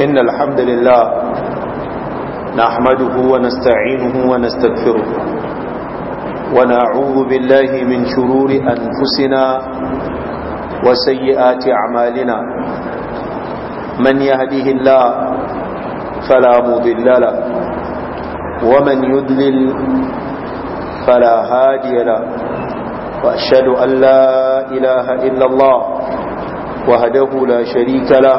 إن الحمد لله نحمده ونستعينه ونستغفره ونعوذ بالله من شرور أنفسنا وسيئات أعمالنا من يهديه الله فلا مضل له ومن يدلل فلا هادي له وأشهد أن لا إله إلا الله وهده لا شريك له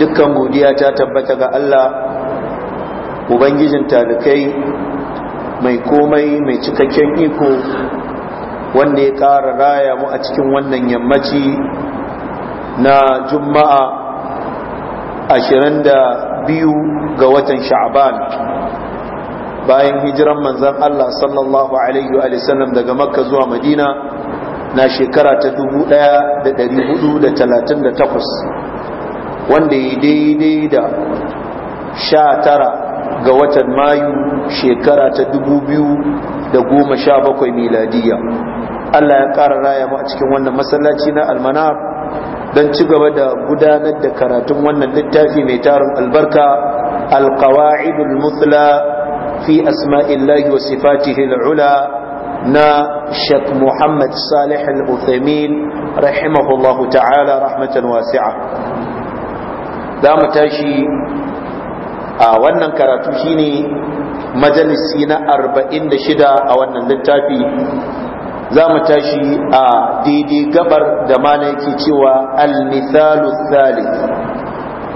dukkan godiya ta tabbata ga Allah ubangijin talikai mai komai mai cikakken iko wanda ya ƙara raya mu a cikin wannan yammaci na juma'a da biyu ga watan Sha'aban. bayan hijiran manzan Allah sallallahu alaihi wa daga makka zuwa madina na shekara ta dubu da da da hudu 1438 wanda ya daidai da sha tara ga watan mayu shekara ta dubu biyu da goma sha bakwai miladiya Allah ya ƙara raya mu a cikin wannan masallaci na almanar don ci gaba da gudanar da karatun wannan littafi mai tarin albarka alkawa'idul mutla fi asma'illahi wa sifatihi al'ula na shek muhammad صالح الأثيمين رحمه ta'ala rahmatan رحمة واسعة za mu tashi a wannan karatu shine majalisi na 46 a wannan littafi za mu tashi a daidai gabar da mana yake cewa al misalu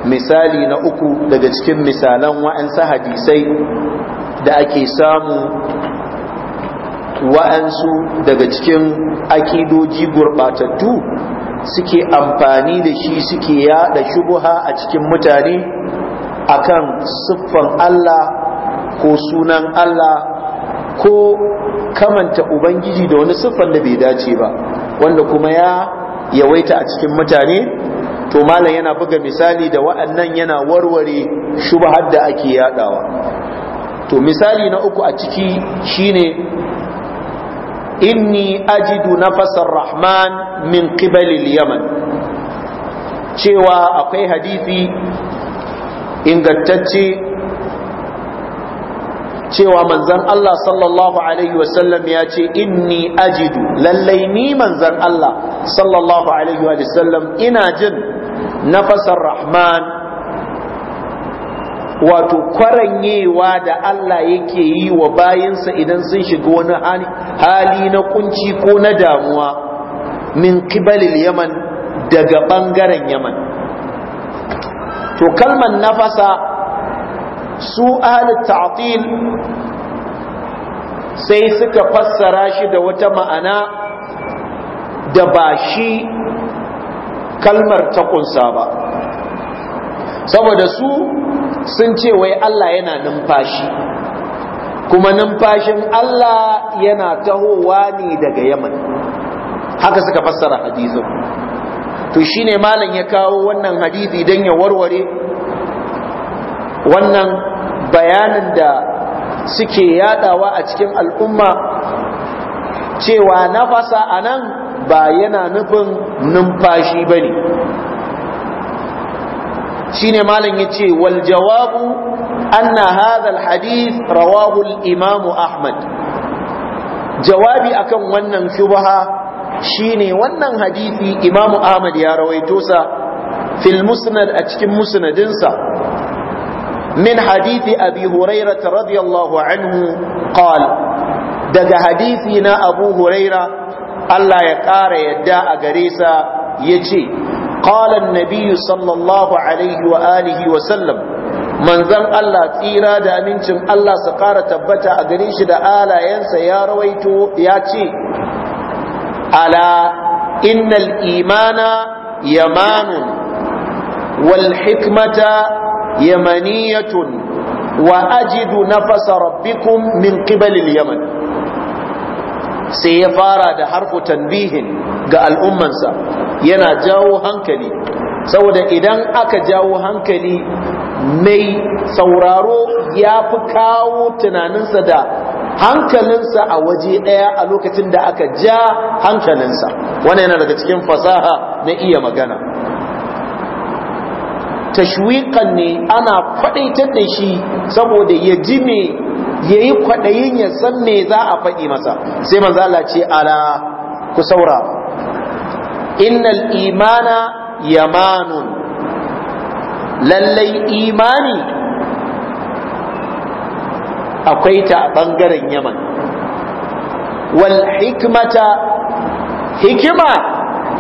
misali na uku daga cikin misalan wa'ansu hadisai da ake samu wa'ansu daga cikin akidoji gurbatattu suke amfani da shi suke yada shubuha a cikin mutane akan siffan Allah ko sunan Allah ko kamanta ubangiji da wani siffan da bai dace ba wanda kuma ya yawaita a cikin mutane to malam yana buga misali da wa'annan yana warware shubuhar da ake yadawa to misali na uku a ciki shine inni ajidu nafasar rahman min qibalil yaman cewa akwai hadisi ingantacce cewa manzan Allah sallallahu alaihi wasallam ya ce inni ajidu lallai ni manzan Allah sallallahu alaihi wasallam ina jin nafasar rahman wato kwaranyewa da Allah yake yi wa bayinsa idan sun shiga wani hali na kunci ko na damuwa min qibalil yaman daga bangaren yaman to kalman nafasa su ahli ta'til sai suka fassara shi da wata ma'ana da ba shi kalmar ta kunsa ba saboda su sun ce wai Allah yana numfashi kuma numfashin Allah yana tahowa ne daga yaman haka suka fassara hadisin to shine malam ya kawo wannan hadisi dan ya warware wannan bayanin da suke yadawa a cikin al'umma cewa nafasa anan ba yana nufin numfashi bane shine malam yace wal jawabu anna hadha al hadith rawahu al imam ahmad jawabi akan wannan shubha shine wannan hadisi imamu ahmad ya rawaito sa fil musnad a cikin musnadinsa min hadisi abi hurairah radiyallahu anhu qala daga hadisi na abu huraira Allah ya ƙara yadda a gare sa ya ce ƙalan nabiyu sallallahu alaihi wa alihi wa sallam manzan Allah tsira da amincin Allah su ƙara tabbata a gare shi da alayensa ya rawaito ya ce ala innal imana yamanun wal hikmata yamaniyatun wa ajidu nafasa rabbikum min qibalil yaman sai ya fara da harfu tanbihin ga al'ummansa yana jawo hankali saboda idan aka jawo hankali mai sauraro ya fi kawo tunaninsa da hankalinsa a waje ɗaya a lokacin da aka ja hankalinsa wannan yana daga cikin fasaha na iya magana tashwiqan ne ana faɗaitar da shi saboda ya ji me yayi kwaɗayin ya san me za a faɗi masa sai manzo ce ala ku saura. innal imana yamanun lallai imani akwai ta a ɓangaren yaman wal hikmata hikima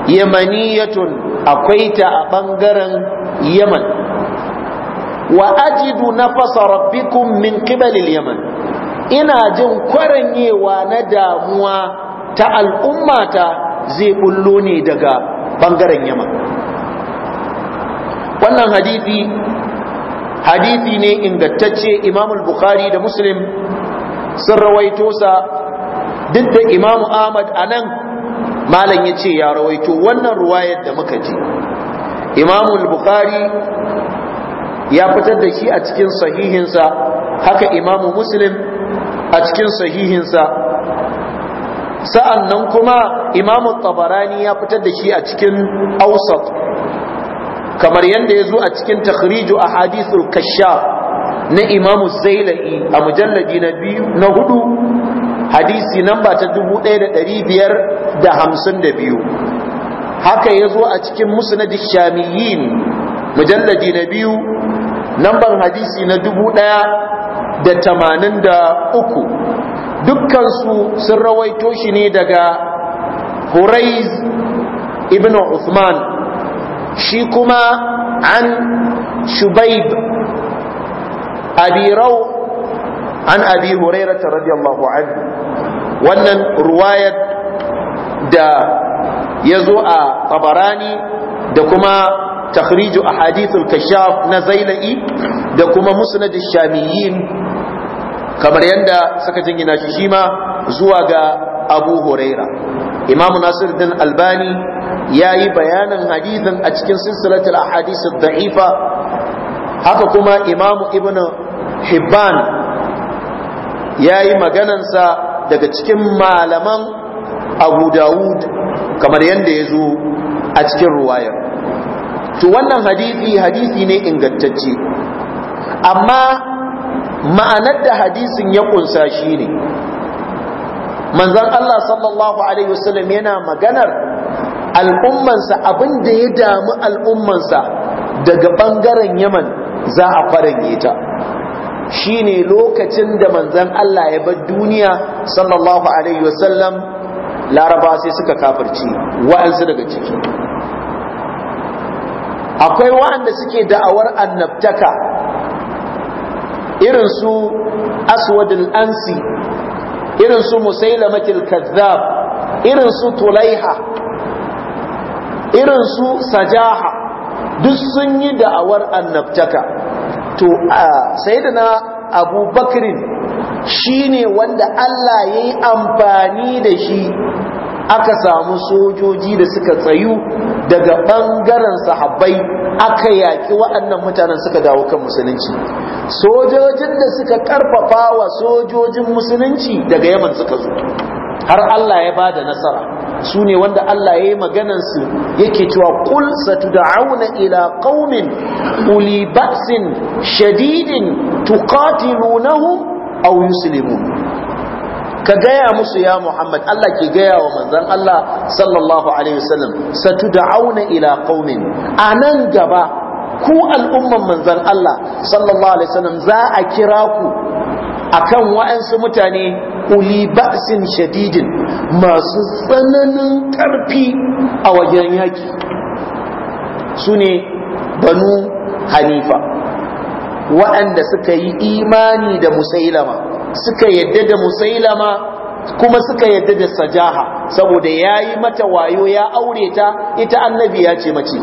yamaniyatun akwai ta a ɓangaren yaman wa ajidu nafasa rabbikum min qibalil yaman ina jin kwaranyewa na damuwa ta al'ummata zai bullo ne daga ɓangaren yaman wannan hadithi hadisi ne ingantacce Imamul bukhari da Muslim sun rawaito sa duk da Imam'u Ahmad a nan? malam ya ce ya rawaito wannan ruwayar da muka ji imamu bukhari ya fitar da shi a cikin sahihinsa haka Imam'u Muslim a cikin sahihinsa Sa'an nan kuma Imam'u Tabarani ya fitar da shi a cikin ausat kamar yadda ya zo a cikin takhriju a hadisul kashaf na imamu zailai a mujalladi na biyu na hudu hadisi namba ta dubu ɗaya da ɗari biyar da hamsin da biyu haka ya zo a cikin musnad shamiyin mujalladi na biyu namban hadisi na dubu ɗaya da tamanin da uku dukkansu sun rawaito shi ne daga huraiz ibn Uthman shi kuma an shubaib abirau, an abi hurairata radiyallahu anhu wannan ruwayar da ya zo a tabarani da kuma تخريج kashaf na نزيلئي da kuma musnadin shamiyin kamar yadda suka jingina shi shima zuwa ga abu huraira imamu nasiruddin albani ya yi bayanin hadithin a cikin silsilatul ahadith da'ifa haka kuma Imam ibn hibban ya yi sa daga cikin malaman abu dawud kamar yadda ya zo a cikin ruwayar to wannan hadithi hadithi ne ingantacce amma ma'anar da hadisin ya kunsa shi ne Manzan Allah sallallahu alaihi wasallam yana maganar al'ummansa abin da ya damu al'ummansa daga ɓangaren Yaman za a faranye ta ne lokacin da manzan Allah ya bar duniya sallallahu alaihi wasallam laraba sai suka kafarci wa'ansu daga ciki akwai wa'anda suke da'awar annabtaka irin su aswadul ansi irin su musailamatul kazzab irin su tulaiha irin su sajaha duk sun yi da'awar annabtaka to sayyidina abubakrin shine wanda Allah yayi amfani da shi aka samu sojoji da suka tsayu daga ɓangaren sahabbai aka yaƙi waɗannan mutanen suka dawo kan musulunci sojojin da suka ƙarfafa wa sojojin musulunci daga yaman suka zo har Allah ya bada nasara su ne wanda Allah ya yi maganansu yake cewa kul auna ila ƙaunin uli ba'sin shadidin tuqatilunahum a yuslimun ka gaya musu ya Muhammad Allah ke gaya wa Manzan Allah sallallahu alaihi wasallam satud'auna ila qaumin nan gaba ku al'umman Manzan Allah sallallahu alaihi wasallam za a kira ku akan wa'ansu mutane uli ba'sin shadidin masu tsananin karfi a wajen yaki sune banu hanifa waɗanda suka yi imani da musailama suka yadda da musailama kuma suka yadda da sajaha saboda ya yi mata wayo ya aure ta ita annabi ya ce mace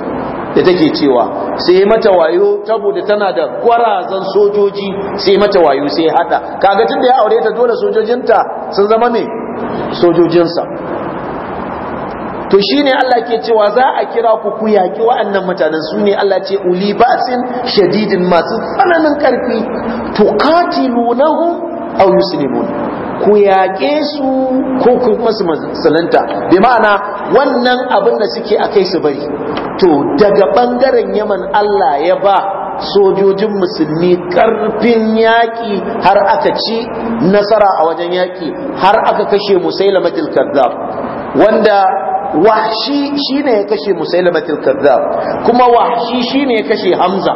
da take cewa sai mata wayo saboda tana da gwarazan sojoji sai mata wayo sai hada kaga tun da ya aure ta dole sojojinta sun zama me sojojinsa to shine Allah ke cewa za a kira ku ku yaki wa'annan mutanen su ne Allah ce uli basin shadidin masu tsananin karfi tuqatilunahum aw yuslimun ku yaƙe su ko ku kuma su bi ma'ana wannan abin da suke kai su bari to daga ɓangaren yaman Allah ya ba sojojin musulmi ƙarfin yaƙi har aka ci nasara a wajen yaƙi har aka kashe musailamatul kazzab wanda wahshi shine ya kashe musailamatul kazzab kuma wahshi shine ya kashe hamza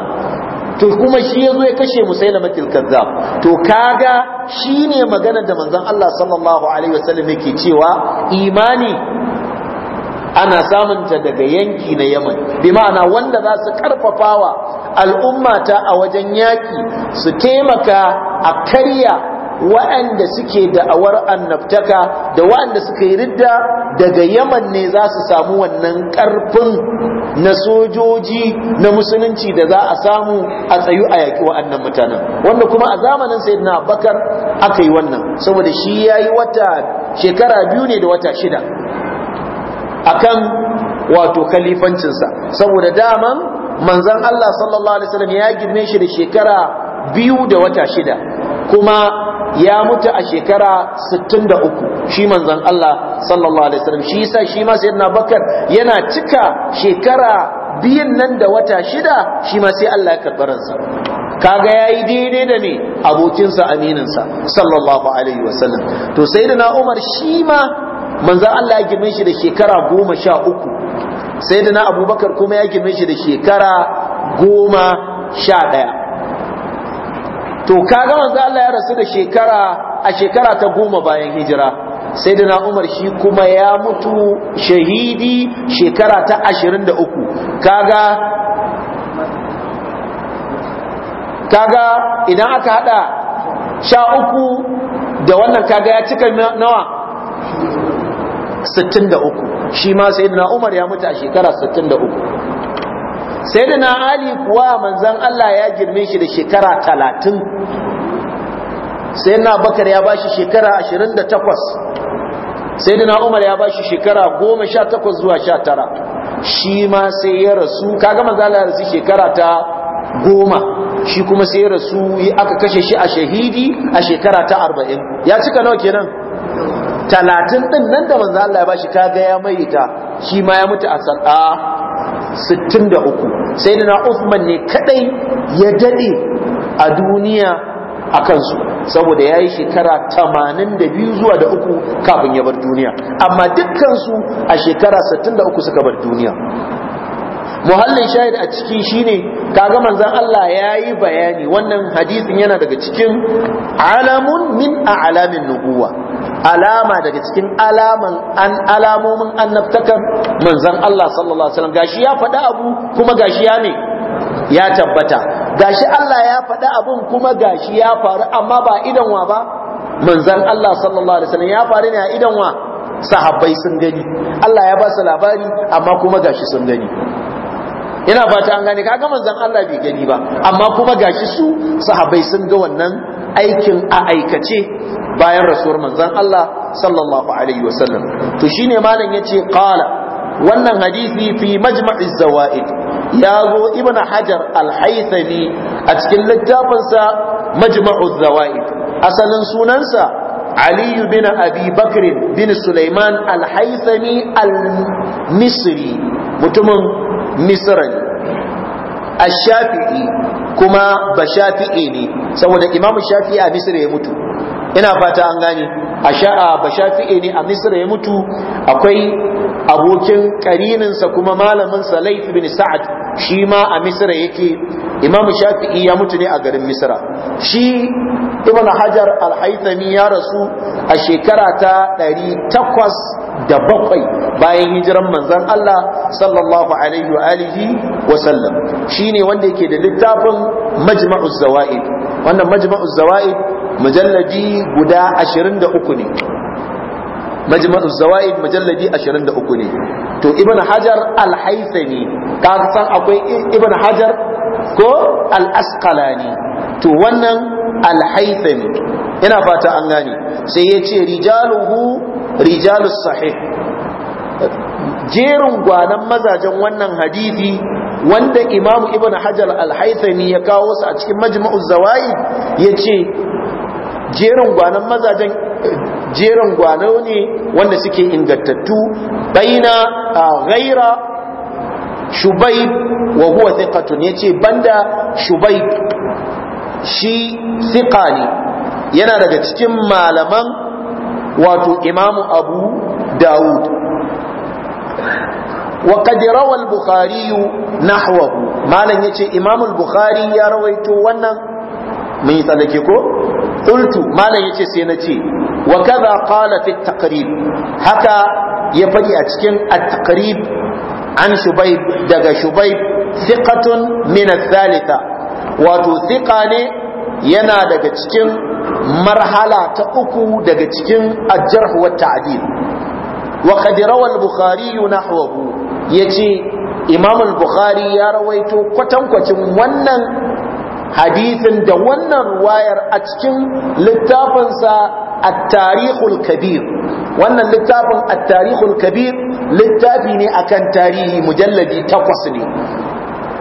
to kuma shi zo ya kashe musailamatul kazzab to kaga shine magana da manzon Allah sallallahu alaihi wasallam yake cewa imani ana samun ta daga yanki na Yaman bi ma'ana wanda za su karfafawa al'ummata a wajen yaki su taimaka a karya waɗanda suke da'awar annabtaka da waɗanda suka yi ridda daga yaman ne za su samu wannan ƙarfin na sojoji na musulunci da za a samu a tsayu a yaƙi wa'annan mutanen wanda kuma a zamanin sayyidina bakar aka yi wannan saboda shi ya yi wata shekara biyu ne da wata shida akan wato kalifancinsa saboda daman manzon Allah sallallahu alaihi wasallam ya girme shi da shekara biyu da wata shida kuma ya mutu a shekara 63 shi manzon Allah sallallahu alaihi wasallam shi yasa shi ma sayyidina bakkar yana cika shekara biyan nan da wata shida shi ma sai Allah ya karɓi sa kaga yayi daidai da sa abokinsa sa sallallahu alaihi wasallam to sayyidina Umar shi ma manzon Allah ya girme shi da shekara goma sha uku sayyidina Abubakar kuma ya girme shi da shekara goma sha ɗaya to kaga manzo Allah ya rasu da shekara a shekara ta goma bayan hijira sayyidina Umar shi kuma ya mutu shahidi shekara ta 23 kaga kaga idan aka hada sha uku da wannan kaga ya cika nawa 63 shi ma sayyidina Umar ya mutu a shekara 63 sai da na ali kuwa manzan Allah ya girme shi da shekara talatin sai na bakar ya ba shi shekara ashirin da takwas sai da na umar ya ba shi shekara goma sha takwas zuwa sha tara shi ma sai ya rasu kaga manzan Allah ya rasu shekara ta goma shi kuma sai ya rasu aka kashe shi a shahidi a shekara ta arba'in ya cika nawa kenan talatin din nan da manzan Allah ya ba shi kaga ya mai ta shi ma ya mutu a 63 sai na Uthman ne kadai ya dade a duniya a kansu saboda ya yi shekara 82 zuwa da uku kafin ya bar duniya amma dukkansu a shekara 63 suka bar duniya muhallin shahid a ciki shine kaga manzon Allah yayi bayani wannan hadisin yana daga cikin alamun min a'lamin nubuwa alama daga cikin alaman an alamomin annabtakan manzon Allah sallallahu alaihi wasallam gashi ya faɗa abu kuma gashi ya ne ya tabbata gashi Allah ya faɗa abun kuma gashi ya faru amma ba idan wa ba manzon Allah sallallahu alaihi wasallam ya faru ne a idan wa sahabbai sun gani Allah ya ba su labari amma kuma gashi sun gani ina fata an gane kaga manzon Allah bai gani ba amma kuma gashi su sahabbai sun ga wannan aikin a aikace bayan rasuwar manzon Allah sallallahu alaihi wasallam to shine malam yace qala wannan hadisi fi majma'i zawaid ya zo ibn hajar al-haythami a cikin littafinsa majma'u zawaid asalin sunansa Ali bin Abi Bakr bin Sulaiman al-Haythami al-Misri mutumin misran ash-shafi'i kuma ba shafi'i ne saboda imamu shafi'i a misra ya mutu ina fata an gane a ba shafi'i ne a misra ya mutu akwai abokin karininsa kuma malamin sa bin sa'ad shi ma a misra yake imam shafi'i ya mutu ne a garin Misira, shi ibn hajar al-haythami ya rasu a shekara ta 807 bayan hijiran manzon Allah sallallahu alaihi wa alihi wa sallam shine wanda yake da littafin majma'u zawaid wannan majma'u zawaid mujalladi guda 23 ne majma'u zawaid mujalladi 23 ne to ibn hajar al-haythami ka san akwai ibn hajar ko al-asqalani to wannan al ina fata an gani, sai ya ce rijaluhu rijalus sahih jerin gwanan mazajen wannan hadithi wanda imamu ibn hajar al ya kawo su a cikin majma'u ya ce, jerin gwanan mazajen jerin gwano ne wanda suke ingantattu a gaira shubaib wa huwa thiqatun yace banda shubaib shi thiqa ne yana daga cikin malaman wato imamu abu daud wa qad rawa al-bukhari nahwahu malan yace imamu al-bukhari ya rawaito wannan mun yi tsallake ko قلت ما لا يجي سينتي وكذا قال في التقريب هكا يفدي أتكين التقريب an shubai daga Shubai thiqatun min ath-thalitha wato thiqa ne yana daga cikin marhala ta uku daga cikin al-jarh wa ta'dil wa qad rawa al-bukhari nahwahu yace imam al-bukhari ya rawaito kwatankwacin wannan hadisin da wannan ruwayar a cikin littafinsa at-tarikhul kabir wannan littafin at kabir littafi ne akan tarihi mujalladi takwas ne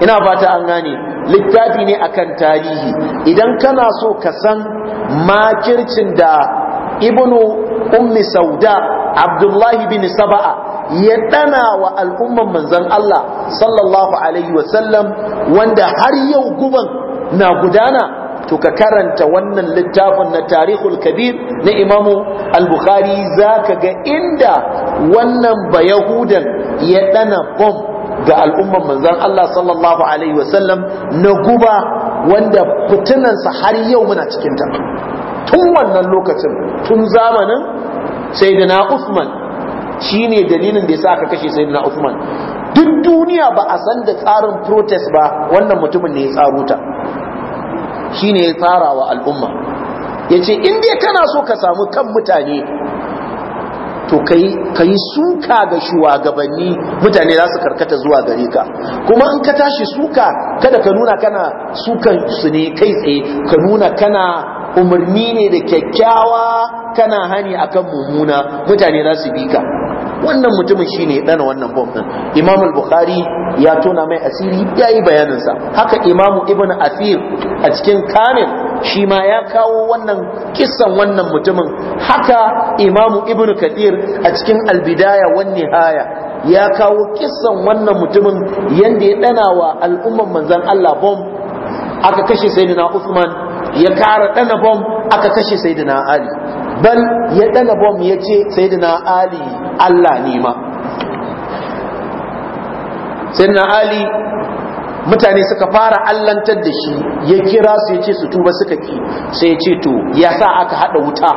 ina fata an gane littafi ne akan tarihi idan kana so ka san makircin da ibnu ummi sauda abdullahi bin saba'a ya dana wa al'umman manzon Allah sallallahu alaihi wasallam wanda har yau guban na gudana to ka karanta wannan littafin na tarihul kabir na imamu al-bukhari za ka ga inda wannan bayahudan ya ɗana bom ga al'umman manzan Allah sallallahu alaihi wasallam na guba wanda fitinansa har yau muna cikinta tun wannan lokacin tun zamanin sayyidina Uthman shine dalilin da yasa aka kashe sayyidina Uthman duk duniya ba a san da tsarin protest ba wannan mutumin ne ya tsaro ta shine ya tsara wa al'umma yace in dai kana so ka samu kan mutane to ka yi suka ga shugabanni mutane za su karkata zuwa gare ka kuma in ka tashi suka kada ka nuna kana sukan su ne kai tsaye ka nuna kana umarni ne da kyakkyawa kana hani akan mummuna mutane za su bi ka wannan mutumin shine ya dana wannan bom ɗin. imam al-bukhari ya tona mai asiri yi bayanin sa haka imam ibn asir a cikin kamil shi ma ya kawo wannan kissan wannan mutumin haka imam ibn Kadir a cikin Albidaya wani haya ya kawo kissan wannan mutumin yanda ya ɗana wa al'umman manzan Allah bom aka kashe sayyidina Usman, ya kara ɗana bom aka kashe sayyidina Ali bal ya ɗana bom ya ce sayyidina ali allah ne ma ali mutane suka fara allantar da shi ya kira su ya ce su tuba suka ki sai ya ce to ya sa aka haɗa wuta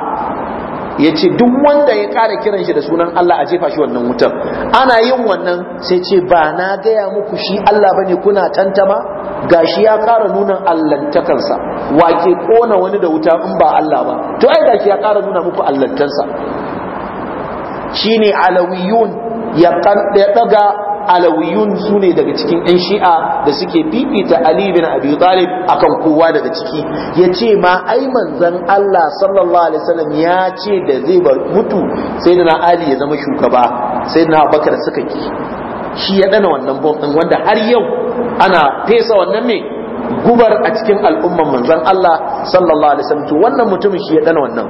ya ce duk wanda ya ƙara kiran shi da sunan Allah a jefa shi wannan wutar ana yin wannan sai ce ba na gaya muku shi Allah ba ne kuna tantama gashi ya ƙara nuna allantakansa ke kona wani da wuta in ba Allah ba to ai gashi ya kara nuna muku allantansa shine alawiyun ya ɗaga alawiyun su ne daga cikin ɗan shi'a da suke fifita ali bin abi talib akan kowa daga ciki ya ce ma ai manzan allah sallallahu alaihi wasallam ya ce da zai bar mutu sai na ali ya zama shugaba sai na bakar suka ki shi ya dana wannan bom din wanda har yau ana fesa wannan me gubar a cikin al'umman manzan allah sallallahu alaihi wasallam wannan mutumin shi ya dana wannan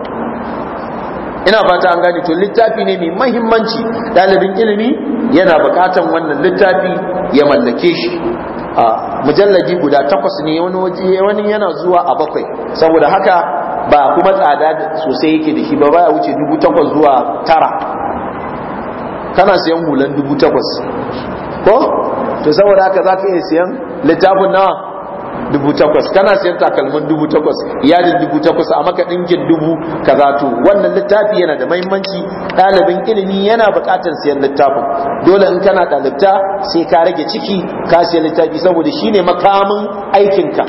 ina fata an gane to littafi ne mai mahimmanci ɗalibin ilimi yana bukatan wannan littafi ya mallake shi a mujallaji guda takwas ne wani waje wani yana zuwa a bakwai saboda haka ba kuma tsada sosai yake da shi ba baya wuce dubu takwas zuwa tara kana siyan hulan dubu takwas ko to saboda haka za ka iya sayan littafin nawa dubu takwas kana siyan takalmin dubu takwas yadin dubu takwas a maka ɗinkin dubu za to wannan littafi yana da mahimmanci ɗalibin ilimi yana buƙatar siyan littafin dole in kana ɗalibta sai ka rage ciki ka siya littafi saboda shine makamin aikinka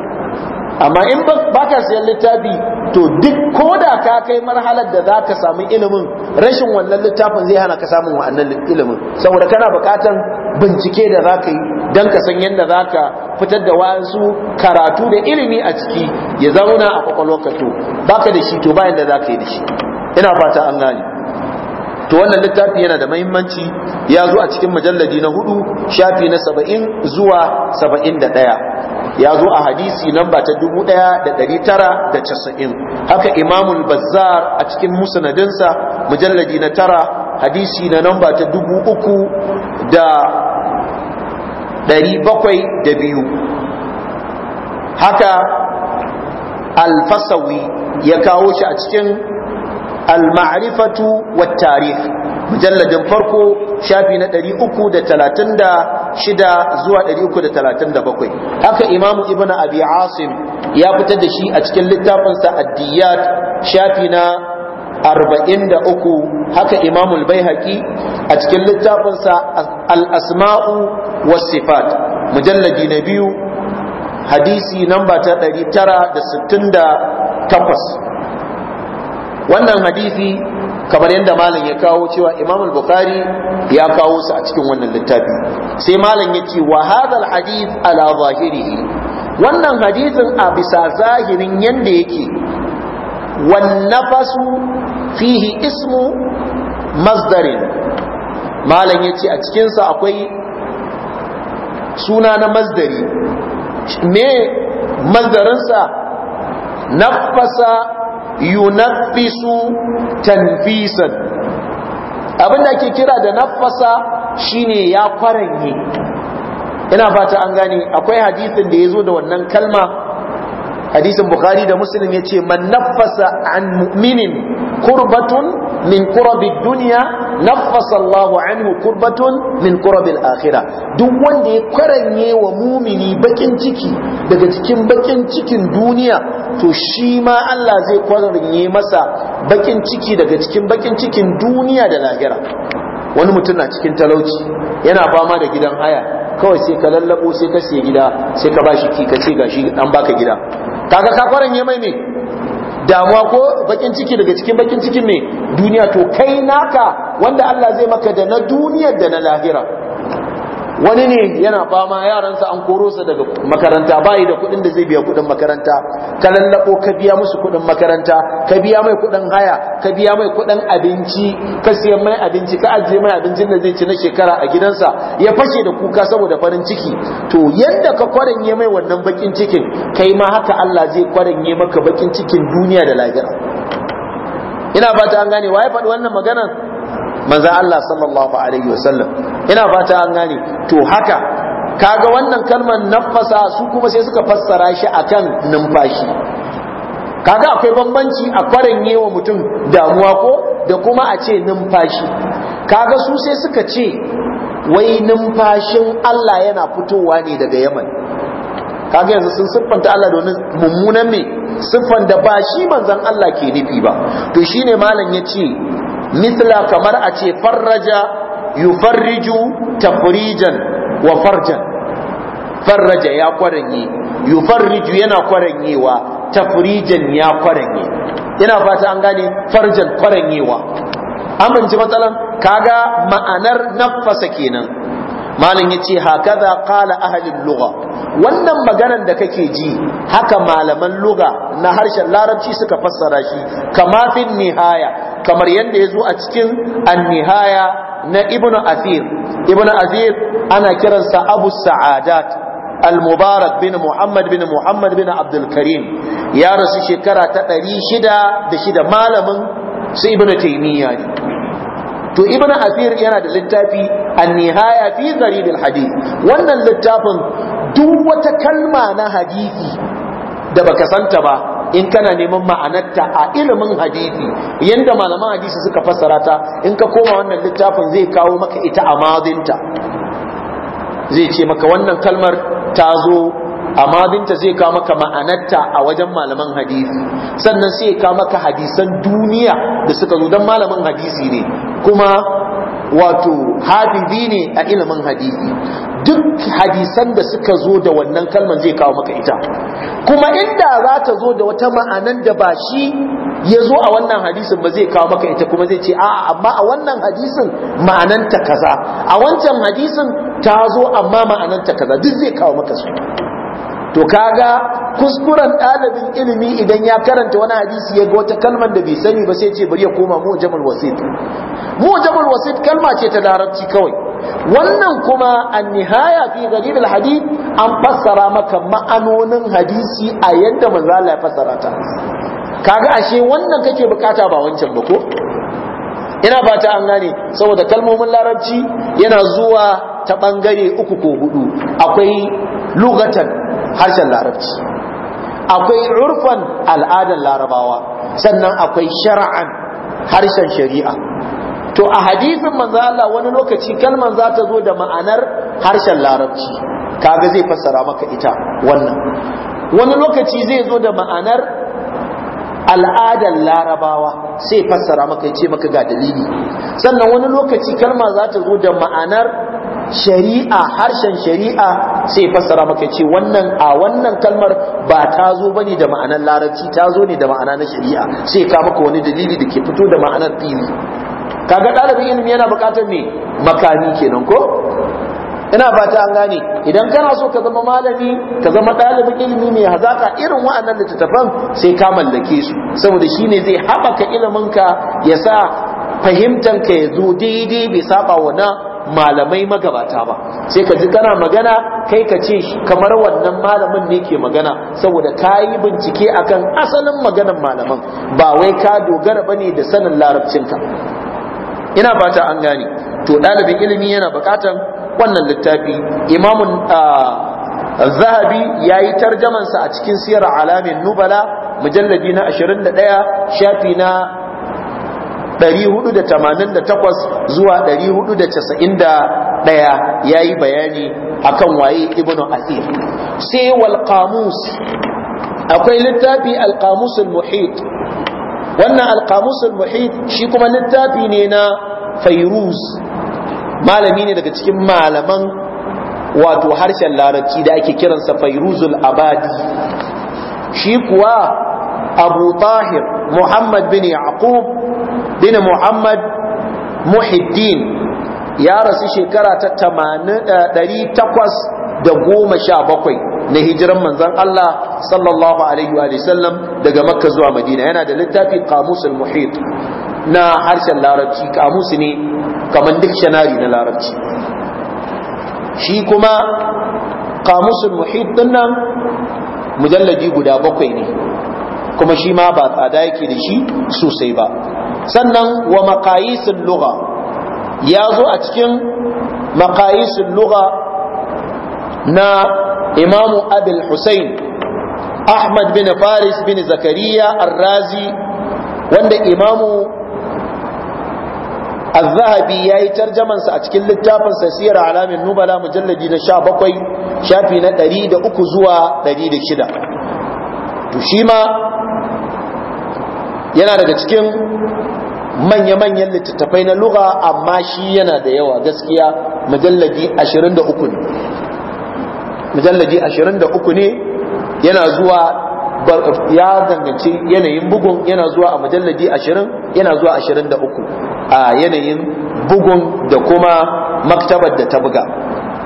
amma in ba ka siyan littafi to duk ko da ka kai marhalar da za ka samu ilimin rashin wannan littafin zai hana ka samun wa'annan ilimin saboda kana buƙatar bincike da za ka yi don ka san yadda za ka fitar da wasu karatu da ilimi a ciki ya zauna a kwakwalwarka to baka da shi to bayan da za ka yi da shi ina fata an gane to wannan littafin yana da mahimmanci ya zo a cikin majalladi na hudu shafi na saba'in zuwa saba'in da ɗaya ya zo a hadisi namba ta dubu ɗaya da ɗari tara da casa'in haka imamul bazzar a cikin musanadinsa majalladi na tara hadisi na namba ta dubu uku da biyu. haka alfasawi ya kawo shi a cikin alma'rifatu wa tarih mujalladin farko shafi na 336 zuwa 337 haka imamu ibn abi asim ya fitar da shi a cikin littafinsa addiyat shafi na arba'in da uku haka imamul baihaqi a cikin littafinsa al-asma'u was sifat mujalladi na biyu hadisi namba ta ɗari tara da sittin da takwas wannan hadisi kamar yadda malam ya kawo cewa imamul bukhari ya kawo su a cikin wannan littafi sai malam ya ce wa hadal hadith ala zahirihi wannan hadisin a bisa zahirin yanda yake والنفس ismu اسم malam ya ce a cikinsa akwai suna na masdari me masdarin sa nafasa yunaffisu tanfisan abinda ake kira da nafasa shine ya kwaranye ina fata an gane akwai hadisin da yazo da wannan kalma hadisin bukhari da muslim ya ce man naffasa an mu'minin kurbatun min kurabi duniya naffasa Allahu anhu kurbatun min kurabil akhira duk wanda ya kwaranye wa mumini bakin ciki daga cikin bakin cikin duniya to shi ma Allah zai kwaranye masa bakin ciki daga cikin bakin cikin duniya da lahira wani mutum na cikin talauci yana fama da gidan haya kawai sai ka lallabo sai ka siya gida sai ka bashi ki ka ce gashi an baka gida kaga ka kwaranye mai ne damuwa ko bakin ciki daga cikin bakin cikin ne duniya to kai naka wanda Allah zai maka da na duniyar da na lahira wani ne yana fama yaransa an koro sa daga makaranta bayi da kuɗin da zai biya kuɗin makaranta ka lallabo ka biya musu kuɗin makaranta ka biya mai kuɗin haya ka biya mai kuɗin abinci ka siyan mai abinci ka ajiye mai abincin da zai ci na shekara a gidansa ya fashe da kuka saboda farin ciki to yadda ka kwaranye mai wannan bakin cikin kai ma haka Allah zai kwaranye maka bakin cikin duniya da lafiya. ina fata an gane waye faɗi wannan maganar manzo Allah sallallahu alaihi wasallam ina fata an gane to haka kaga wannan kalmar nafasa su kuma sai suka fassara shi akan numfashi kaga akwai bambanci a kwarin yewa mutum damuwa ko da kuma a ce numfashi kaga su sai suka ce wai numfashin Allah yana fitowa ne daga Yaman kaga yanzu sun siffanta Allah domin mummunan me siffan da ba shi manzon Allah ke nufi ba to shine malam yace mithla kamar a ce farraja yufarriju tafrijan wa farjan farraja ya kwaranye yufarriju yana kwaranyewa tafrijan ya kwaranye ina fata an gane farjan kwaranyewa amince matsalan kaga ma'anar nafasa kenan malin yace hakaza qala ahalin lugha wannan maganar da kake ji haka malaman lugha na harshen larabci suka fassara shi kamafin nihaya kamar yadda ya zo a cikin annihaya na ibnu azir ibnu azir ana kiransa abu sa'adat المبارك بن bin Muhammad bin بن عبد الكريم يا رسول شكرا تقري شدا دشدا مالم سي ابن تيمية to ibn asir yana da littafi annihaya nihaya fi gharib al-hadith wannan littafin duk wata kalma na hadisi da baka santa ba in kana neman ma'anarta a ilimin hadisi yanda malaman hadisi suka fassara ta in ka koma wannan littafin zai kawo maka ita a madinta zai ce maka wannan kalmar ta zo madinta zai kawo maka ma'anarta a wajen malaman hadisi sannan sai ka maka hadisan duniya da suka zo don malaman hadisi ne kuma wato hafizi ne a ilimin hadisi duk hadisan da suka zo da wannan kalman zai kawo maka ita kuma inda za ta zo da wata ma'anan da ba shi ya zo a wannan hadisin ba zai kawo maka ita kuma zai ce a amma a wannan hadisin ma'ananta kaza a wancan hadisin ta zo amma ma'ananta kaza duk zai kawo maka su to kaga kuskuren ɗalibin ilimi idan ya karanta wani hadisi ya ga wata kalmar da bai sani ba sai ce bari ya koma mu jamal wasit mu jamal wasit kalma ce ta larabci kawai wannan kuma an nihaya fi garib alhadith an fassara maka ma'anonin hadisi a yadda manzo Allah ya fassara ta kaga ashe wannan kake bukata ba wancan ba ko ina ba ta an gane saboda kalmomin larabci yana zuwa ta bangare uku ko hudu akwai lugatan harshen larabci akwai urfan al'adan larabawa sannan akwai shar'an harshen shari'a to a hadisin manzo Allah wani lokaci kalman za ta zo da ma'anar harshen larabci kaga zai fassara maka ita wannan wani lokaci zai zo da ma'anar al'adar larabawa sai fassara maka ce maka ga dalili sannan wani lokaci kalma za ta zo da ma'anar shari'a harshen shari'a sai fassara maka ce wannan a wannan kalmar ba ta zo bane da ma'anar larabci ta zo ne da ma'ana na shari'a sai ka maka wani dalili da ke fito da ma'anar fili kaga ɗalibin ilimi yana bukatar me makami kenan ko ina fata an gane idan kana so ka zama malami ka zama ɗalibin ilimi mai hazaka irin wa'annan littattafan sai ka mallake su saboda shine zai haɓaka iliminka ya sa fahimtar ka ya zo daidai bai saba wa na malamai magabata ba sai ka ji kana magana kai ka ce kamar wannan malamin ne ke magana saboda ka yi bincike akan asalin maganan malaman ba wai ka dogara bane da sanin larabcinka ina fata an gane to ɗalibin ilimi yana buƙatar wannan littafi imamun zahabi ya yi tarjamansa a cikin siyar alamin nubala mujalladi na 21 shafi na 488 zuwa 491 ya yi bayani a kan waye ibn asir sai wal qamus akwai littafi al qamus al muhit wannan alkamusul muhit shi kuma littafi ne na fairuz malami ne daga cikin malaman wato harshen larabci da ake kiransa fairuzul abadi shi kuwa abu tahir muhammad bin yaqub bin muhammad muhiddin ya rasu shekara ta eh, bakwai. na hijiran manzon Allah sallallahu alaihi wa daga makka zuwa madina yana da littafi qamusul muhit na harshen larabci kamusi ne kamar dictionary na larabci shi kuma kamusul muhit dinnan mujallaji guda bakwai ne kuma shi ma ba tsada yake da shi sosai ba sannan wa maqayisul lugha ya zo a cikin maqayisul lugha na imamu abil husayn ahmad bin faris bin zakariya arrazi wanda imamu al-zahabi ya yi tarjamansa a cikin littafinsa siyar alamin nubala mujalladi na sha bakwai shafi na ɗari da uku zuwa ɗari da shida to shi yana daga cikin manya-manyan littattafai na lura amma shi yana da yawa gaskiya mujalladi ashirin da uku mujalladi 23 ne yana zuwa ya danganci yanayin bugun yana zuwa a mujalladi 20 yana zuwa 23 a yanayin bugun da kuma maktabar da ta buga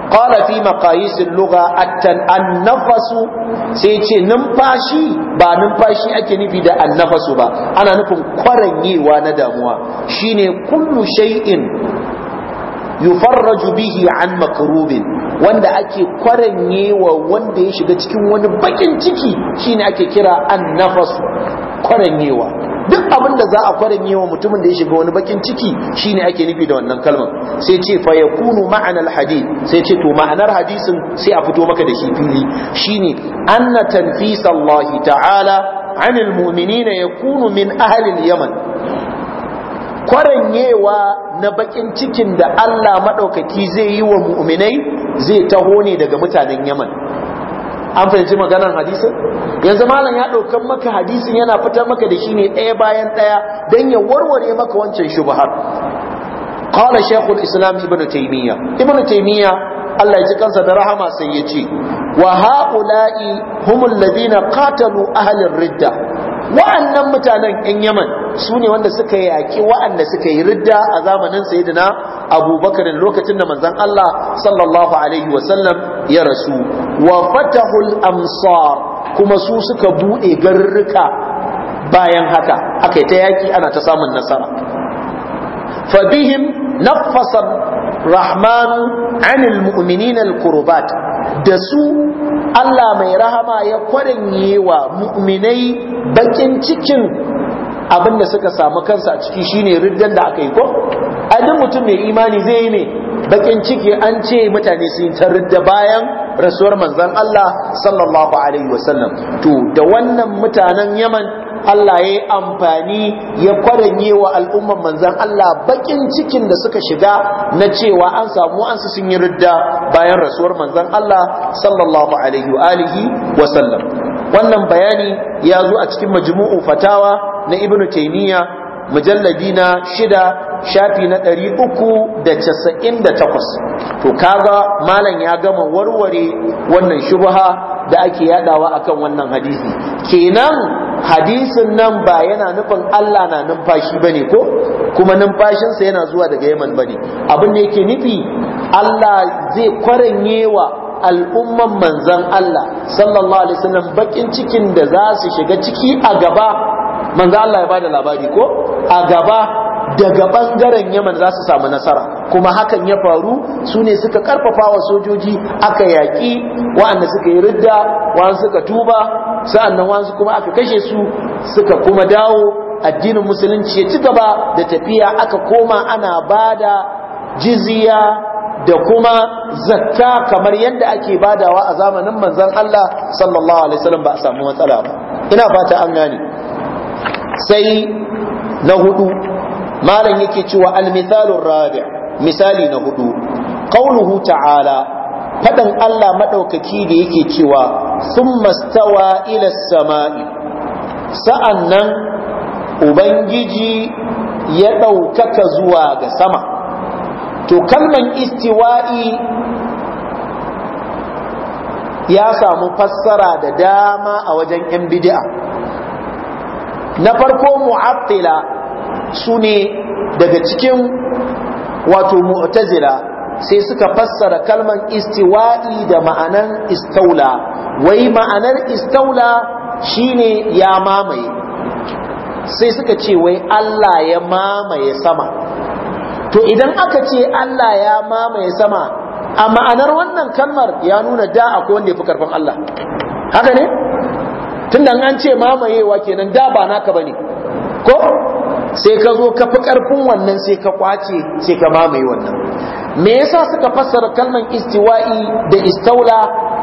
qala fi maqayis al-lugha an-nafasu sai ce numfashi ba numfashi ake nufi da annafasu ba ana nufin kwaranyewa na damuwa shine kullu shay'in yufarraju bihi an makrubin wanda ake kwaranye wa wanda ya shiga cikin wani bakin ciki shine ake kira annafas kwaranyewa duk abin da za a kwaranye wa mutumin da ya shiga wani bakin ciki shine ake nufi da wannan kalmar sai ce fa yakunu ma'anar hadith sai ce to ma'anar hadisin sai a fito maka da shi fili shine anna tanfisallahi ta'ala anil mu'minina yakunu min ahli al-yaman kwaranyewa na bakin cikin da Allah maɗaukaki zai yi wa mu'minai zai taho ne daga mutanen yaman an fahimci maganar hadisi? yanzu malam ya ɗaukan maka hadisin yana fitar maka da shi ne ɗaya bayan ɗaya don ya warware maka wancan shubhar qala shaykhul islam ibnu taymiya ibnu taymiya Allah ya ji kansa da rahama sai ya ce wa ha'ula'i humul ladina qatalu ahalin ridda wa'annan mutanen yan yaman su ne wanda suka yaƙi wa'anda suka yi ridda a zamanin sayyidina abubakar lokacin da manzon Allah sallallahu alaihi wasallam ya rasu wa fatahul amsa kuma su suka buɗe garurruka bayan haka aka ta yaƙi ana ta samun nasara fa bihim naffasa rahmanu anil mu'minina al-qurbat da su Allah mai rahama ya yi wa mu'minai bakin cikin abin da suka samu kansa a ciki shine riddan da aka yi ko a duk mutum mai imani zai yi ne bakin ciki an ce mutane sun ta ridda bayan rasuwar manzon Allah sallallahu alaihi wasallam to da wannan mutanen Yaman Allah ya yi amfani ya kwaranye wa al'umman manzan Allah bakin cikin da suka shiga na cewa an samu an su sun yi ridda bayan rasuwar manzan Allah sallallahu alaihi wa alihi wa sallam wannan bayani ya zo a cikin majmu'u fatawa na ibnu taymiya mujalladi na shida shafi na ɗari uku da da casa'in takwas. to kaga malam ya gama warware wannan shubha da ake yadawa akan wannan hadisi kenan hadisin nan ba yana nufin Allah na numfashi bane ko kuma numfashinsa yana zuwa daga Yaman bane abin da yake nufi Allah zai wa al'umman manzan Allah sallallahu alaihi wasallam bakin cikin da za su shiga ciki a gaba manzan Allah ya bada labari ko a gaba daga ɓangaren yaman za su samu nasara kuma hakan ya faru su ne suka karfafa wa sojoji aka yaƙi wa'anda suka yi ridda wa'an suka tuba sa'annan wa'ansu kuma aka kashe su suka kuma dawo addinin musulunci ya ci gaba da tafiya aka koma ana bada jiziya da kuma zakka kamar yadda ake badawa a zamanin manzon Allah sallallahu alaihi wasallam ba a samu matsala ba ina fata an gane sai na hudu malam yake cewa al rabi' misali na hudu qauluhu ta'ala fadan Allah madaukaki da yake cewa thumma stawa ila samai sa'annan ubangiji ya daukaka zuwa ga sama to kalman istiwa'i ya samu fassara da dama a wajen 'yan bid'a na farko mu'attila su ne daga cikin wato mu'tazila sai suka fassara kalman istiwa'i da ma'anar istaula wai ma'anar istaula shine ya mamaye sai suka ce wai Allah ya mamaye sama to idan aka ce Allah ya mamaye sama a ma'anar wannan kalmar ya nuna da akwai wanda ya fi karfin Allah haka ne tunda an ce mamayewa kenan da ba naka bane ko sai ka zo ka fi karfin wannan sai ka kwace sai ka mamaye wannan me yasa suka fassara kalman istiwa'i da istaula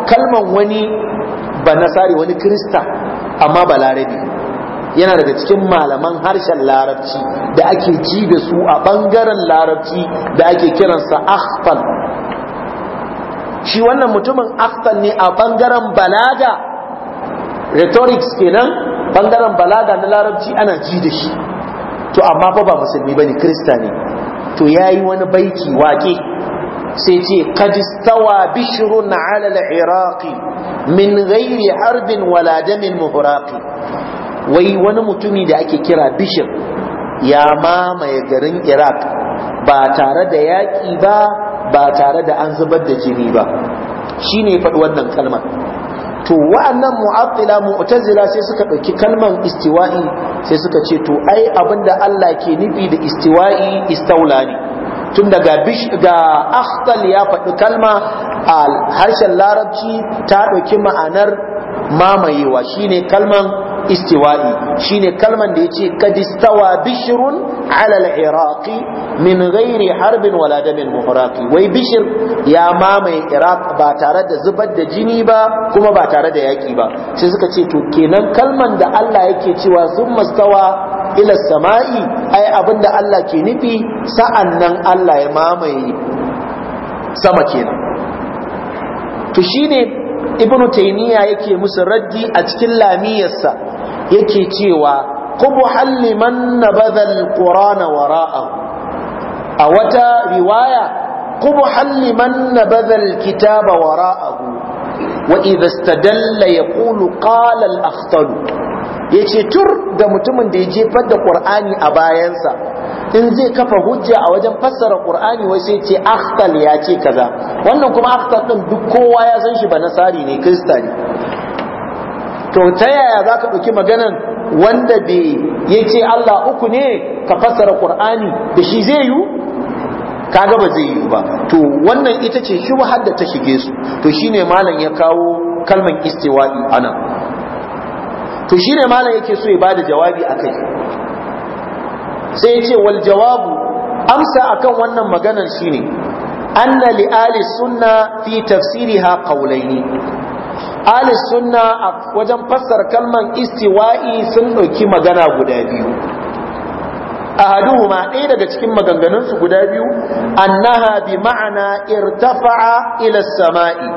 kalman wani ba nasari wani krista amma ba larabi yana daga cikin malaman harshen larabci da ake ji da su a bangaren larabci da ake kiransa akhfal shi wannan mutumin akhfal ne a bangaren balaga rhetorics kenan bangaren balaga na larabci ana ji da shi to amma fa ba musulmi bane krista ne to yayi wani baiki waƙe sai ce qad istawa bishrun ala al-iraq min ghairi harbin wala damin muhraqi wai wani mutumi da ake kira bishir ya mamaye garin iraq ba tare da yaƙi ba ba tare da an zubar da jini ba shine faɗi wannan kalmar to wa'annan mu'attila mu'tazila sai suka ɗauki kalman istiwa'i sai suka ce to ai abinda Allah ke nufi da istiwa'i istaula ne tun daga ga akhtal ya faɗi kalma a harshen larabci ta ɗauki ma'anar mamayewa shine kalman istiwa'i shine kalman da yace kad istawa bishrun ala al-iraqi min ghairi harbin wala damin muhraqi wai bishr ya mamaye iraq ba tare da zubar da jini ba kuma ba tare da yaki ba sai suka ce to kenan kalman da Allah yake cewa summa stawa ila sama'i ai abinda Allah ke nufi sa'an nan Allah ya mamaye sama kenan to shine ibnu taymiya yake musu raddi a cikin lamiyarsa yake cewa qubuhan liman nabadha alqur'ana wara'ahu a wata riwaya qubuhan liman nabadha alkitaba wara'ahu wa idha ya yaqulu ƙalal aftalu. yace tur da mutumin da ya jefar da qur'ani a bayansa in zai kafa hujja a wajen fassara qur'ani wai sai ce akhtal ya ce kaza wannan kuma aftal ɗin duk kowa ya san shi ba nasari ne kristani to ta yaya za ka ɗauki maganan wanda bai ya ce Allah uku ne ka fassara ƙur'ani da shi zai yi ka ba zai yi ba to wannan ita ce shi da ta shige su to shi ne malam ya kawo kalman a nan? to shi ne malam yake so ya ba da jawabi a kai? sai ya ce wal jawabu amsa akan wannan maganan shine an na ali sunna fi tafsiriha qawlaini ahli sunna a wajen fassar kalman istiwa'i sun ɗauki magana guda biyu ahaduhuma ɗaya daga cikin maganganunsu guda biyu annaha bi ma'ana irtafa'a ila sama'i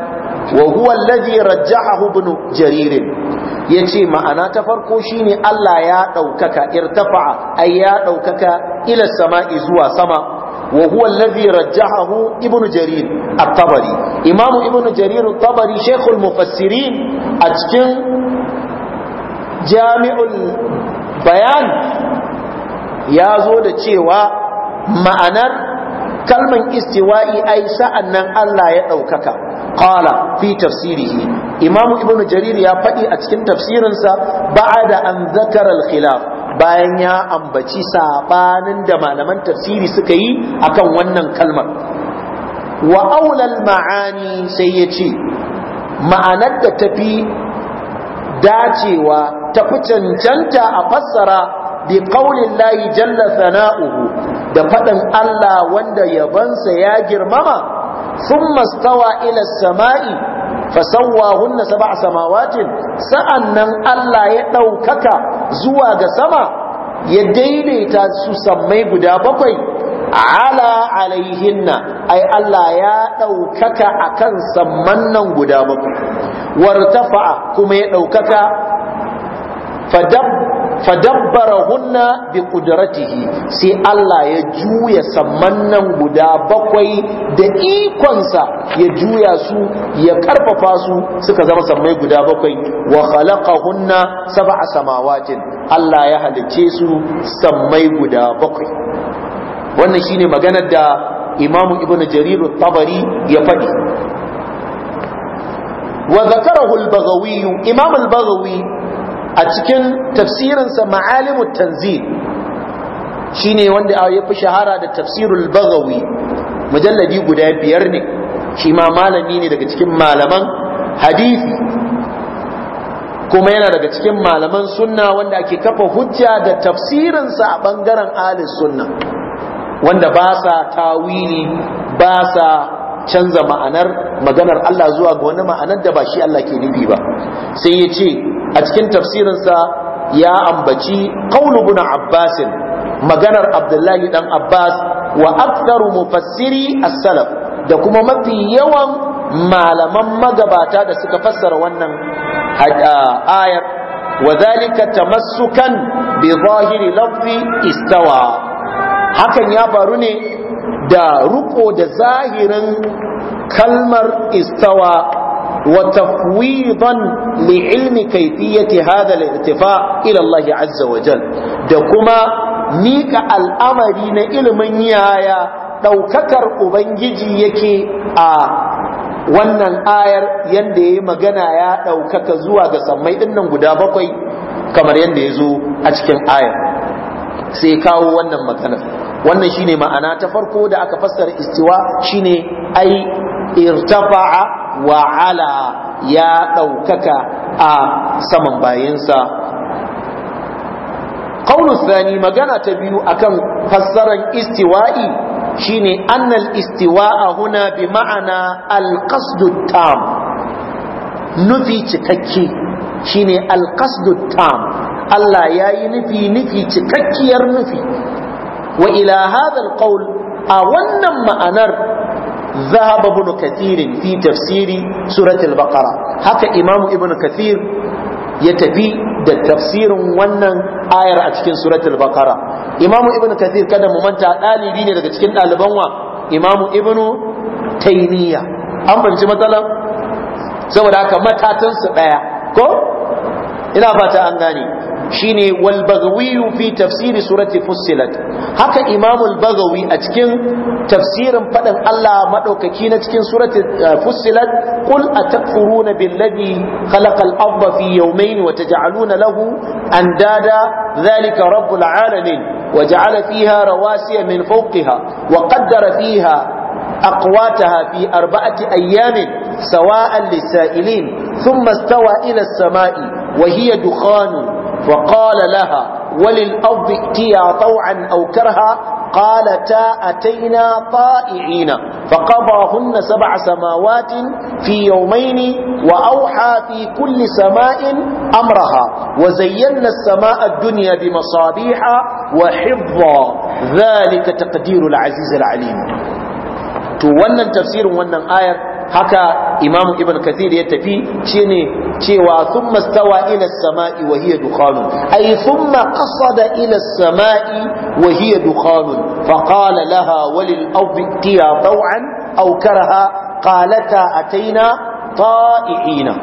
wa huwa allazi rajjahahu ibn jarir yace ma'ana ta farko shine Allah ya ɗaukaka irtafa'a ay ya ɗaukaka ila sama'i zuwa sama wa huwa allazi rajjahahu ibn jarir at-tabari imamu ibn jarir tabari shekul mufassirin a cikin jami'ul bayan ya zo da cewa ma'anar kalman istiwa'i ai sa'an nan Allah ya ɗaukaka qala fi tafsirihi imamu ibn jarir ya faɗi a cikin tafsirinsa ba'ada an zakara al-khilaf bayan ya ambaci sabanin da malaman tafsiri suka yi akan wannan kalmar wa aulal ma'ani sai ya ce ma'anar da tafi dacewa tafi cancanta a fassara bi qaulin lahi jalla sana'uhu da faɗin Allah wanda yabansa ya girmama thumma stawa ila samai hunna sab'a samawatin sa'annan Allah ya ɗaukaka zuwa ga sama ya daidaita su sammai guda bakwai ala alaihinna ai Allah ya ɗaukaka akan samman nan guda bakwai wartafa'a kuma ya ɗaukaka fadabbarahunna bi qudratihi sai Allah ya juya samman nan guda bakwai da ikonsa ya juya su ya karfafa su suka zama sammai guda bakwai wa khalaqahunna sab'a samawatin Allah ya halice su sammai guda bakwai wannan shine maganar da imamu ibnu jarir tabari ya faɗi wa zakarahu al-baghawi imam al-baghawi a cikin tafsirinsa ma'alimut tanzil shine wanda ya fi shahara da tafsirul baghawi mujalladi guda biyar ne shi ma malami ne daga cikin malaman hadisi kuma yana daga cikin malaman sunna wanda ake kafa hujja da tafsirinsa a bangaren alis sunna wanda ba sa tawili ba sa canza ma'anar maganar Allah zuwa ga wani ma'anar da ba shi Allah ke nufi ba sai ya ce a cikin tafsirinsa ya ambaci qaulu Buna Abbasin, maganar Abdullahi dan Abbas wa aktaru mufassiri as-salaf da kuma mafi yawan malaman magabata da suka fassara wannan ayar, wa ta tamassukan bi zahiri lafzi istawa hakan ya faru ne da ruko da zahirin kalmar istawa wa tafwidan li ilmi kaifiyati hadha al-irtifa ila Allah azza wa jal da kuma mika al'amari na ilimin yaya daukakar ubangiji yake a wannan ayar yanda yayi magana ya ɗaukaka zuwa ga sammai ɗinnan guda bakwai kamar yadda ya zo a cikin ayar sai kawo wannan maganar wannan shine ma'ana ta farko da aka fassara istiwa shine ai irtafa'a wa ala ya daukaka a saman bayinsa qaulu thani magana ta biyu akan fassaran istiwa'i shine annal istiwa'a huna bi ma'ana al qasdut tam nufi cikakke shine al tam Allah ya yi nufi nufi cikakkiyar nufi wa ila hadha alqawl a wannan ma'anar ذهب ابن كثير في تفسير سورة البقرة حتى إمام ابن كثير يتبي تفسير ونن آية أتكين سورة البقرة إمام ابن كثير كان ممنتع آلي دين لك تكين ألبوا إمام ابن تيمية أم فهمت مثلا سوى ذاك متى تنسى ko ina fata an gane shine wal baghawi fi tafsiri surati fussilat haka imamu al a cikin tafsirin fadan Allah madaukaki na cikin surati eh, fussilat qul atakfuruna billadhi khalaqa al arda fi yawmayn wa taj'aluna lahu andada dhalika rabbul alamin وجعل فيها رواسي من فوقها وقدر فيها أقواتها في أربعة أيام سواء للسائلين ثم استوى إلى السماء وهي دخان وقال لها وللأرض ائتيا طوعا أو كرها قالتا أتينا طائعين فقضاهن سبع سماوات في يومين وأوحى في كل سماء أمرها وزينا السماء الدنيا بمصابيح وحفظا ذلك تقدير العزيز العليم تو ونن تفسير ونن ayar haka imamu ibn kathir ya tafi shine cewa thumma stawa ila samai wa hiya dukhanun ay thumma qasada ila samai wa hiya dukhanun fa qala laha walil ardi tiya taw'an aw karaha qalata ataina ta'iina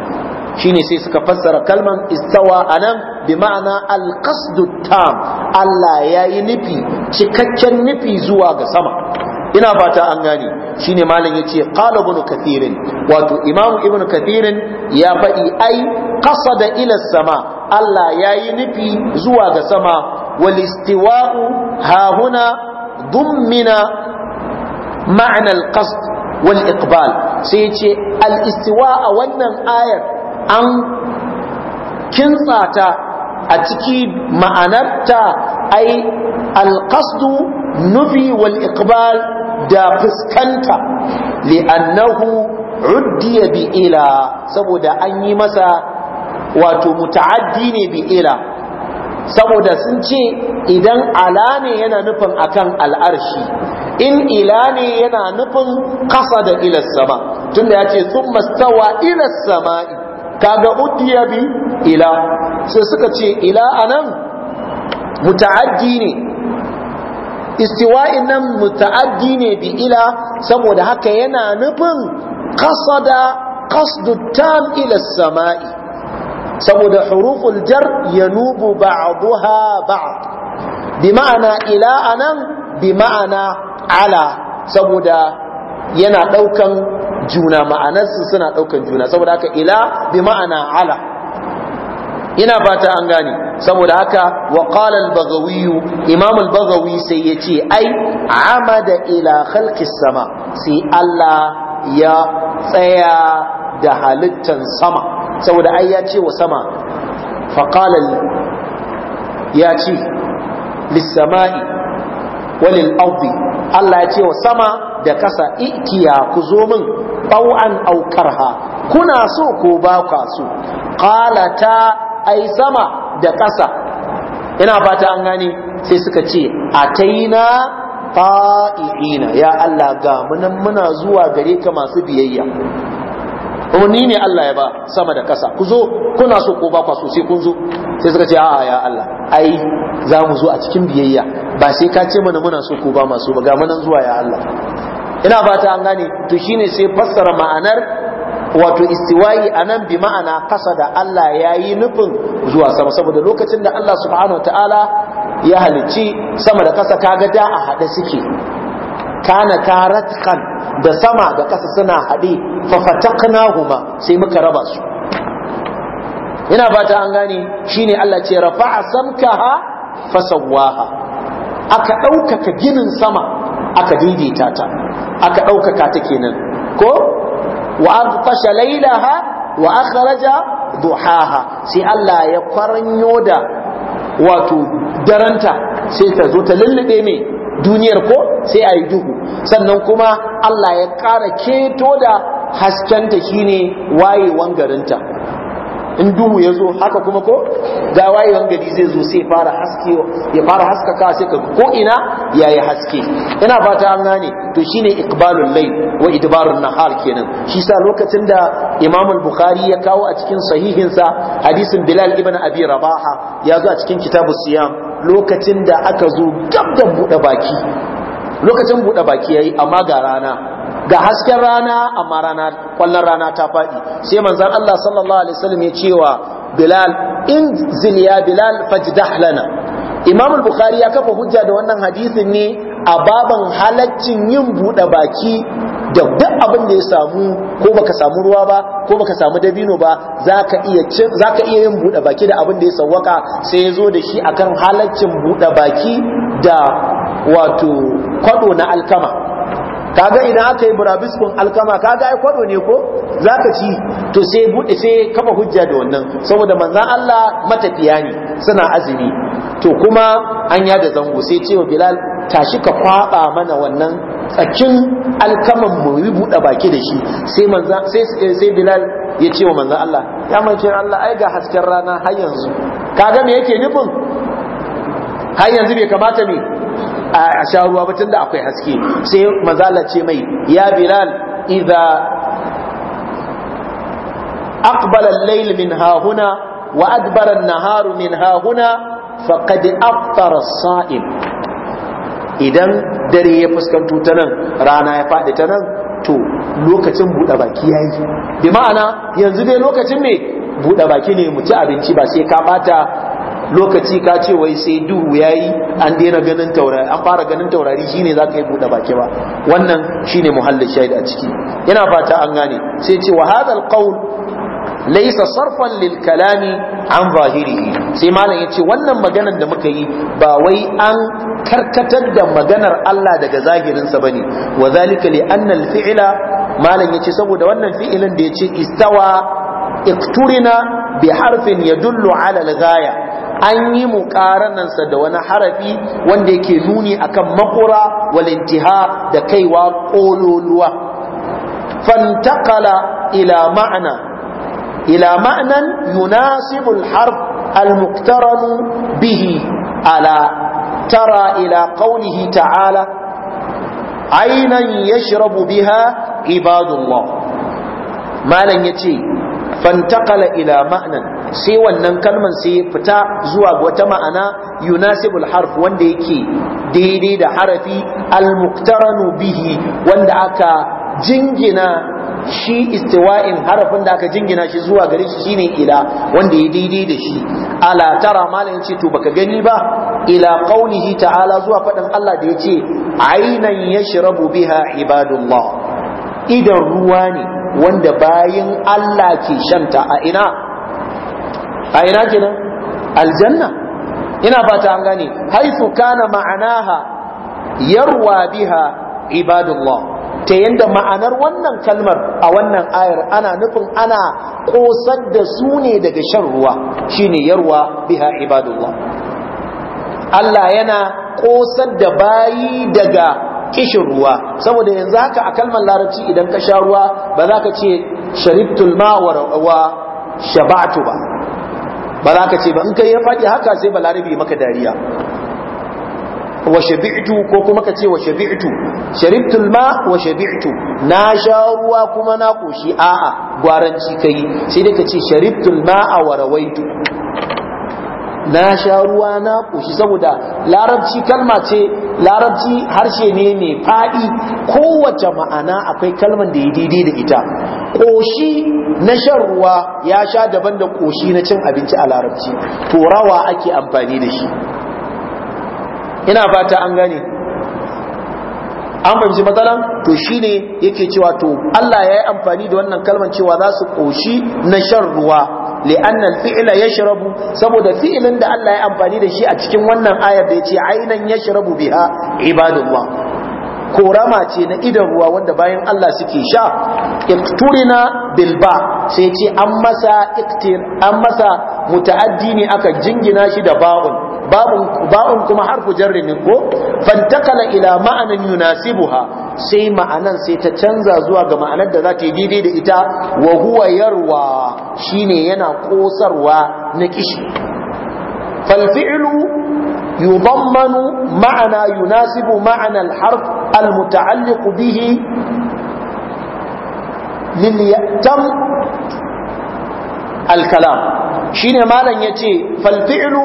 shine sai suka fassara kalman istawa anan bi ma'ana al-qasdu tam Allah yayi nufi cikakken nufi zuwa ga sama ina fata an gane shine malam yace qala ibn kathirin wato imam ibn kafirin ya faɗi ai qasada ila sama Allah yayi nufi zuwa ga sama wal istiwa'u ha huna dummina ma'na al qasd wal iqbal sai yace al istiwa a wannan ayar an kintsata a ciki ma'anarta ai al qasdu nufi wal iqbal da fuskanta li'annahu uddiya bi ila saboda an yi masa wato muta'addi ne bi ila saboda sun ce idan ala ne yana nufin akan al'arshi in ila ne yana nufin kasa da ilas sama tunda ya ce sun mastawa ilas sama'i kaga uddiya bi ila sai suka ce ila anan muta'addi ne istiwa'in nan muta'addi ne bi ila saboda haka yana nufin qasada qasdu tam ila samai saboda huruful jar yanubu ba'daha ba'd bi ma'ana ila anan bi ma'ana ala saboda yana daukan juna ma'anarsu suna daukan juna saboda haka ila bi ma'ana ala ina fata an gane saboda haka wa qala al-baghawi imam al-baghawi sai yace ai amada ila khalqis sama sai Allah ya tsaya da halittan sama saboda ai ya ce wa sama fa qala ya ce lis-sama'i walil ardi Allah ya ce wa sama da kasa ikiya ku zo min bau'an aukarha kuna so ko ba ka so qalata ai sama da ƙasa ina fata an gane sai suka ce ataina fa’i’ina ya Allah ga munan muna zuwa gare ka masu biyayya ni ne Allah ya ba sama da ƙasa ku zo kuna so ko ba kwa so kun zo sai suka ce a'a ya Allah ai za mu zo a cikin biyayya ba sai ka ce mana muna so ko ba masu ba ga munan zuwa ya Allah ina fata an gane to shine sai fassara ma'anar wato istiwayi anan bi ma'ana kasa da Allah ya yi nufin zuwa sama saboda lokacin da Allah subhanahu ta'ala ya halicci sama da kasa kaga da a haɗe suke kana taratkan da sama da kasa suna haɗe fafataknahuma sai muka raba su ina ta an gane shine Allah ce rafa'a samkaha fasawwaha aka ɗaukaka ginin sama aka daidaita ta aka ɗaukaka ta kenan ko wa aghtasha lailaha wa akhraja duhaha sai Allah ya kwaranyo da wato daranta sai ta zo ta lullube mai duniyar ko sai a duhu sannan kuma Allah ya ƙara keto da haskenta shine wayewan garinta in duhu ya zo haka kuma ko ga wayewan gari zai zo sai fara haske ya fara haskaka sai ka ko ina yayi haske ina fata an gane to shine iqbalul lai wa idbarun nahar kenan shi sa lokacin da imamul bukhari ya kawo a cikin sahihinsa hadisin Bilal ibn Abi Rabaha ya zo a cikin kitabus siyam lokacin da aka zo gab da bude baki lokacin bude baki yayi amma ga rana ga hasken rana amma rana kwallon rana ta faɗi sai manzon Allah sallallahu alaihi wasallam ya cewa Bilal in ya Bilal fajdah lana Imam al-Bukhari ya kafa hujja da wannan hadisin ne a baban halaccin yin buɗe baki da duk abin da ya samu ko baka samu ruwa ba ko baka samu dabino ba zaka iya zaka iya yin buɗe baki da abin da ya sawwaka sai ya zo da shi akan halaccin buɗe baki da wato kwado na alkama kaga idan aka yi burabiskun alkama kaga ai kwado ne ko zaka ci to sai bude sai kafa hujja da wannan saboda manzan Allah matafiya ne suna azumi to kuma an ya da zango sai cewa Bilal tashi ka kwaba mana wannan tsakin alkaman mu yi bude baki da shi sai manzan sai sai Bilal ya ce wa manzan Allah ya manzon Allah ai ga hasken rana har yanzu kaga me yake nufin har yanzu bai kamata ne a sha ruwa ba tunda akwai haske sai mazala ce mai ya bilal idza aqbala al-layl min hahuna wa adbara an-naharu min hahuna faqad aftara as-sa'im idan dare ya fuskanto ta nan rana ya fadi ta nan to lokacin buɗe baki yayi bi ma'ana yanzu dai lokacin ne buɗe baki ne mu ci abinci ba sai ka bata lokaci ka ce wai sai duhu yayi an daina ganin taurari an fara ganin taurari shine za ka yi buɗe baki ba wannan shine muhallin shahid a ciki yana fata an gane sai ce wa hadha alqawl laysa sarfan lil kalami an zahirihi sai malam yace wannan maganar da muka yi ba wai an karkatar da maganar Allah daga zahirinsa bane wa zalika li anna al fi'la malam yace saboda wannan fi'ilin da yace istawa ikturina bi harfin yadullu ala al ghaya an yi muƙaranansa da wani harafi wanda yake nuni akan makura walintiha da kaiwa ƙololuwa fantakala ila ma'ana ila ma'anan yunasibul harf almuktaranu bihi ala tara ila qawlihi ta'ala aynan yashrabu biha ibadullah malan yace fantakala ila معنى sai wannan kalman sai fita zuwa wata ma'ana yunasibul harf wanda yake daidai da harafi almuqtaranu bihi wanda aka jingina shi istiwa'in harafin da aka jingina shi zuwa gare shi shine ila wanda ya daidai da shi ala tara malamin ce to baka gani ba ila qaulihi ta'ala zuwa faɗin Allah da yace aynan yashrabu biha ibadullah idan ruwa ne wanda bayin Allah ke shanta a ina a ina kenan aljanna ina fata an gane haifu kana ma'anaha yarwa biha ibadullah ta yanda ma'anar wannan kalmar a wannan ayar ana nufin ana kosar da su ne daga shan ruwa shine yarwa biha ibadullah Allah yana kosar da bayi daga kishin ruwa saboda yanzu haka a kalmar larabci idan ka sha ruwa ba za ka ce sharibtul ma wa shabatu ba ba za ka ce ba in kai ya faɗi haka sai ba larabi maka dariya wa shabi'tu ko kuma ka ce wa shabi'tu sharibtul ma wa shabi'tu na sha ruwa kuma na koshi a'a gwaranci kai sai dai ka ce sharibtul ma wa rawaitu na sha ruwa na koshi saboda larabci kalma ce larabci harshe ne mai faɗi kowace ma'ana akwai kalman da ya daidai da ita koshi na shan ruwa ya sha daban da koshi na cin abinci a larabci to ake amfani da shi ina fata an gani an fahimci matsalan to shi ne yake cewa to Allah ya yi amfani da wannan kalman cewa za su koshi na shan ruwa li'annal fi'la yashrabu saboda fi'ilin da Allah ya amfani da shi a cikin wannan ayar da yace ainan yashrabu biha ibadullah korama ce na idan ruwa wanda bayan Allah suke sha ikturina bilba sai ce an masa iktir an masa muta'addi ne aka jingina shi da ba'un ba'un kuma harfu jarri ne ko fantakala ila ma'anin yunasibuha sai ma'anan sai ta canza zuwa ga ma'anar da za ta yi daidai da ita wa huwa yarwa shine yana kosarwa na kishi falfi'lu yudammanu ma'ana yunasibu ma'ana alharf almuta'alliq bihi lil yatam alkalam shine malan yace falfi'lu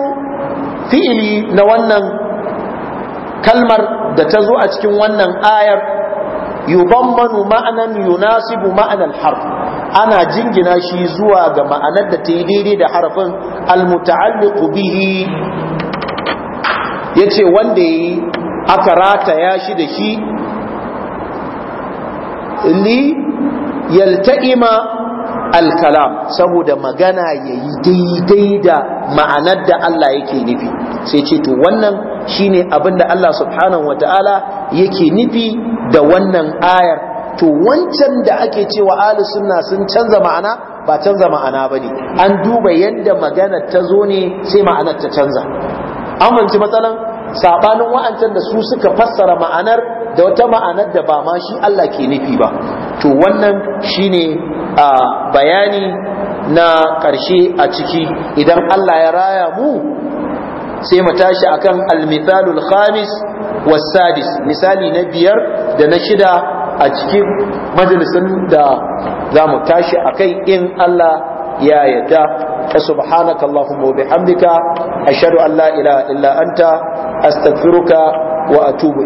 fi'li na wannan kalmar da ta zo a cikin wannan ayar Yuban yudammanu ma'anan yunasibu ma'anar harf ana jingina shi zuwa ga ma'anar da ta yi daidai da harafin almuta'alliqu bihi yace wanda yi aka rataya shi da shi li yalta'ima alkalam saboda magana yayi daidai da ma'anar da Allah yake nufi sai ce to wannan shine abin da Allah subhanahu wataala yake nufi da wannan ayar to wancan da ake cewa Ali sunna sun canza ma'ana ba canza ma'ana bane an duba yadda magana ta zo ne sai ma'anar ta canza an manci matsalan sabanin wa'ancan da su suka fassara ma'anar da wata ma'anar da ba ma shi Allah ke nufi ba to wannan shine a bayani na ƙarshe a ciki idan Allah ya raya mu sai mu tashi akan al-mithalul khamis was sadis misali na biyar da na shida a cikin majalisin da za mu tashi akai in Allah ya yarda subhanaka allahumma wa bihamdika ashhadu an la ilaha illa anta astaghfiruka wa atubu